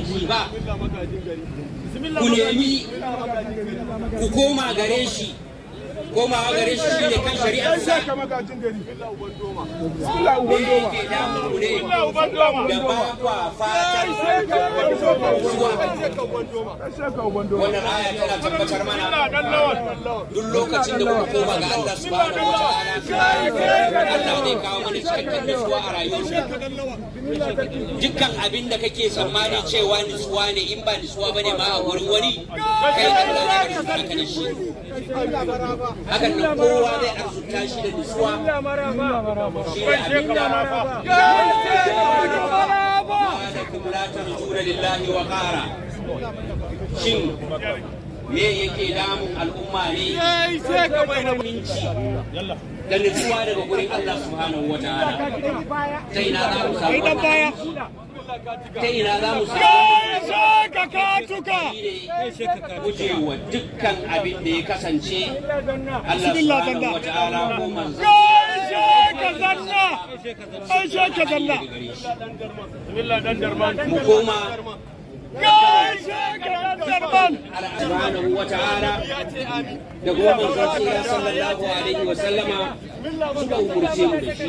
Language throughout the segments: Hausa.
ji ba ku nemi ku koma gare shi komawa gare shi shine kan shari'ar sa kama gajin gari billahi uban doma billahi uban doma billahi uban doma da ba kwa sai ka uban doma sai ka uban doma wannan aya tana tabbatar mana duk lokacin da kuka koma ga Allah subhanahu wa ta'ala Allah ne kawo mana cikakken nutsuwa a rayuwar dukkan abin da kake tsammani cewa nutsuwa ne in ba nutsuwa bane ma a wurin wani kai Allah ne ka nutsuwa ka da shi hakan nan kowa zai arzuta shi da nutsuwa shi ne abin da malakum la tarjuna lillahi wa qara shin me yake damun al'umma ne Sai ka da nutsuwa daga gurin Allah subhanahu wa ta'ala sai na za ku samu ta ina za mu gujewa dukkan abin da ya kasance Allah subhanahu wa ta'ala ko manzo mu koma subhanahu wa ta'ala da kuma manzo sallallahu alaihi wa sallama suka umurce mu da shi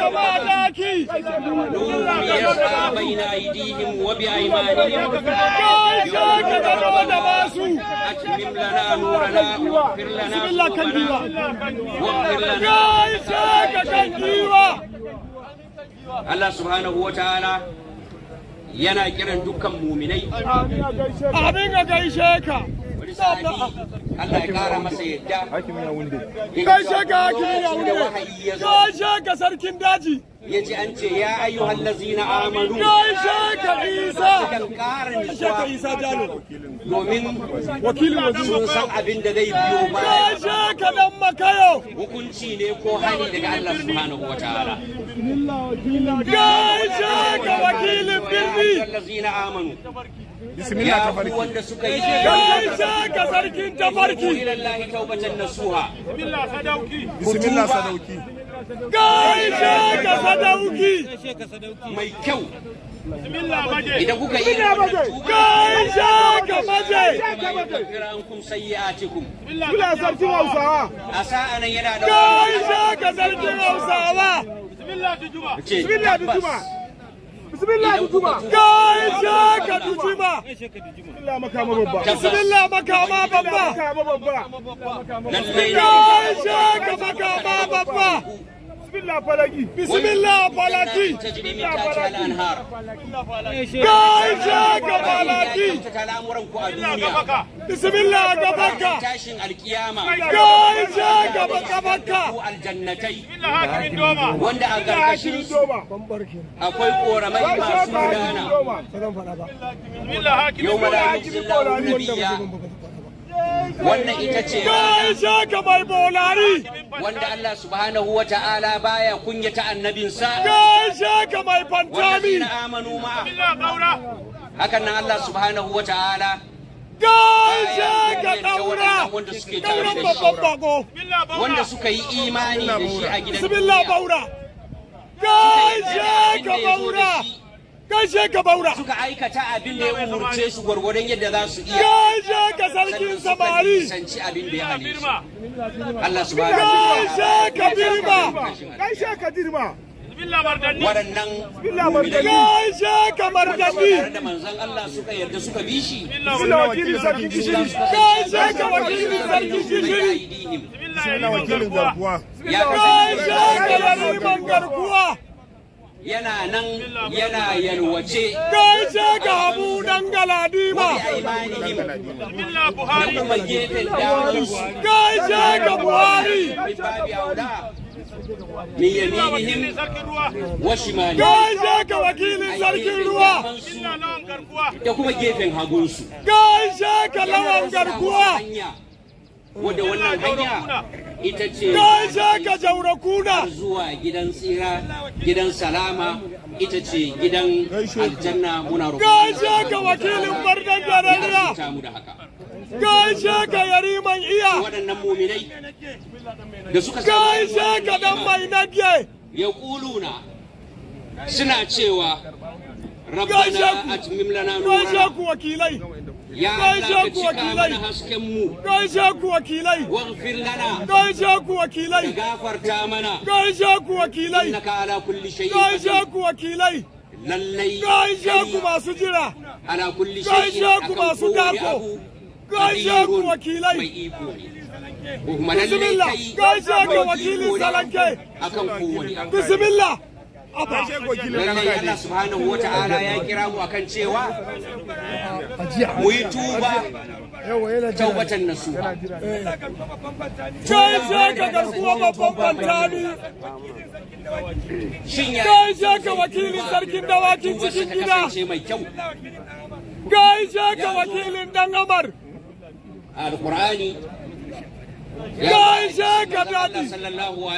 نوريهم بين أيديهم وبأيمانهم أتمم لنا نورنا واغفر لنا واغفر لنا الله سبحانه وتعالى yana kiran dukkan muminai. Abin ga gaishe ka. Allah ya kara masa yadda hakimin wunde ka wunde ka sarkin daji ya ji an ce ya ayu hallazina amanu gaishe ka isa gaishe ka isa jalo domin wakilin sun san abin da zai biyo ba gaishe ka dan makayo hukunci ne ko hari daga Allah subhanahu wataala gaishe ka wakil allazina amanu bismillah tafarki wanda suka yi kai ka sarkin tafarki ilallahi taubatan nasuha bismillah sadauki bismillah sadauki gaishe ka sadauki mai kyau idan kuka yi gaishe ka maje kun sayyi'atikum bismillah sarkin hausawa asa anan yana da gaishe ka sarkin hausawa bismillah bismillah bismillah dujuma kai shaka dujuma bismillah makama babba bismillah makama babba kai makama babba bismillah falaki bismillah falaki bismillah falaki kai je ga falaki bismillah ga baka tashin alkiyama kai je ga baka baka wanda a gargashin su akwai koramai masu gudana yau mala'ikin lauriya wannan ita ce wanda Allah subhanahu wa ta'ala baya kunyata annabinsa wanda amanu ma hakan nan Allah subhanahu wa ta'ala gaishe ka daura dauran babban bako wanda suka yi imani da shi a gidan duniya gaishe ka daura gaishe ka baura suka aikata abin da ya umurce su gwargwadon yadda za su iya ka sarkin samari sanci abin da ya halitta Allah su wa ta'ala ka dirma ka dirma waɗannan gaishe ka margani da manzon Allah suka yarda suka bi shi sarkin gishiri ka wakilin sarkin gishiri ya gaishe ka garkuwa yana nan yana yalwace ce ga abu dan galadi da kuma gefen damus gaishe ga buhari min yaminihim wa shimali ce ga wakilin sarkin ruwa da kuma gefen su. hagunsu ce ga lawan garkuwa wadda wannan hanya ita ce zuwa gidan tsira gidan salama ita ce gidan aljanna muna roƙon gaishe ka wakilin ka yariman iya waɗannan muminai da suka gaishe ka dan mai nage ya kuluna suna cewa rabbana atmim lana nura gaishe ku wakilai Ya Allah ka cika mana Gaishe ku wakilai. ku wakilai. ku wakilai. ku wakilai. ku masu ku masu ku wakilai. salanke. Akan lallai Allah subhanahu wa ta'ala ya kira mu akan cewa mu yi tuba taubatan nasu kai sai ka garkuwa babban bantani kai sai ka wakilin sarkin dawakin cikin gida kai sai ka wakilin dan amar alqur'ani gaishe ka dadi sallallahu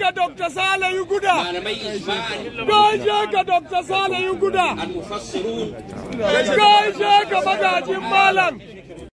ka dr sale yuguda malamai ka dr sale yuguda al ka magajin malam